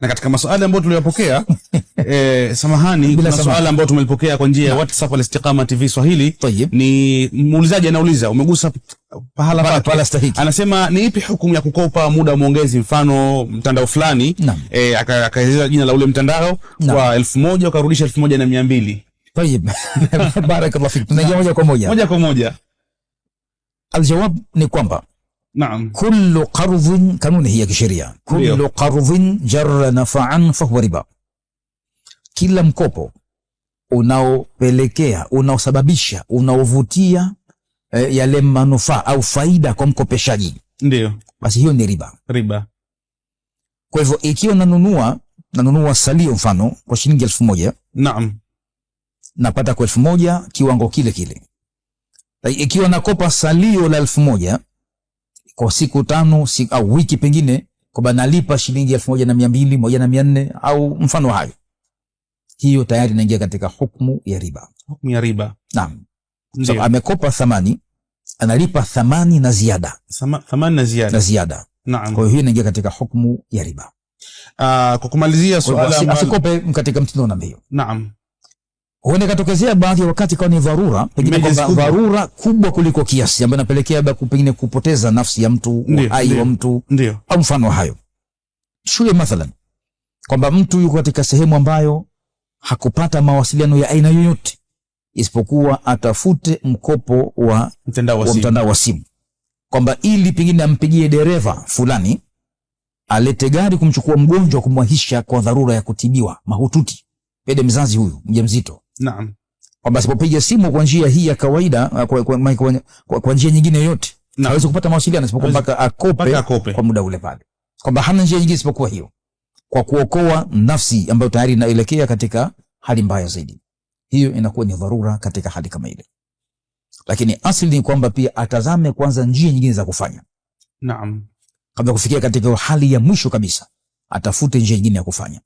na katika maswali ambayo tuliyopokea eh, samahani, kuna swala ambayo tumelipokea kwa njia ya WhatsApp al Istiqama TV Swahili. Tayyip. Ni muulizaji anauliza, umegusa pahala pale pale stahiki, anasema ni ipi hukumu ya kukopa muda muongezi, mfano mtandao fulani eh, akaeleza jina la ule mtandao kwa 1000 moja ukarudisha elfu Tayyib, barakallahu fik. Tunaingia moja kwa moja moja kwa moja, aljawab ni kwamba نعم كل قرض kanuni hii ya kisheria kullu qardhin jarra nafaan fahuwa riba, kila mkopo unaopelekea unaosababisha unaovutia eh, yale manufaa au faida kwa mkopeshaji, ndio basi hiyo ni riba. Riba. Kwa hivyo ikiwa nanunua nanunua salio mfano kwa shilingi elfu moja naam, napata kwa elfu moja kiwango kile kile. Ikiwa nakopa salio la elfu moja kwa siku tano siku, au wiki pengine kwamba nalipa shilingi elfu moja na mia mbili moja na mia nne au mfano hayo, hiyo tayari inaingia katika hukmu ya riba. Hukmu ya riba, naam. So, amekopa thamani analipa thamani na ziada, thamani na ziada, na ziada. Naam, kwa hiyo inaingia katika hukmu ya riba. Uh, kwa kumalizia swala, asikope katika mtindo namna hiyo. Naam huenda ikatokezea baadhi ya wakati kwa ni dharura, pengine kwamba dharura kubwa kuliko kiasi, ambayo inapelekea labda pengine kupoteza nafsi ya mtu, uhai wa mtu, au mfano hayo. Shule mathalan, kwamba mtu yuko katika sehemu ambayo hakupata mawasiliano ya aina yoyote isipokuwa atafute mkopo wa mtandao wa, mtandao wa simu, kwamba ili pengine ampigie dereva fulani alete gari kumchukua mgonjwa kumwahisha kwa dharura ya kutibiwa mahututi, pede mzazi huyu mjamzito Naam, kwamba asipopiga simu kwa njia hii ya kawaida, uh, kwa, kwa, kwa, kwa, kwa njia nyingine yoyote hawezi kupata mawasiliano isipokuwa mpaka akope, akope kwa muda ule pale, kwamba hana njia nyingine isipokuwa hiyo, kwa kuokoa nafsi ambayo tayari inaelekea katika hali mbaya zaidi. Hiyo inakuwa ni dharura katika hali kama ile, lakini asili ni kwamba pia atazame kwanza njia nyingine za kufanya. Naam, kabla kufikia katika hali ya mwisho kabisa, atafute njia nyingine ya kufanya.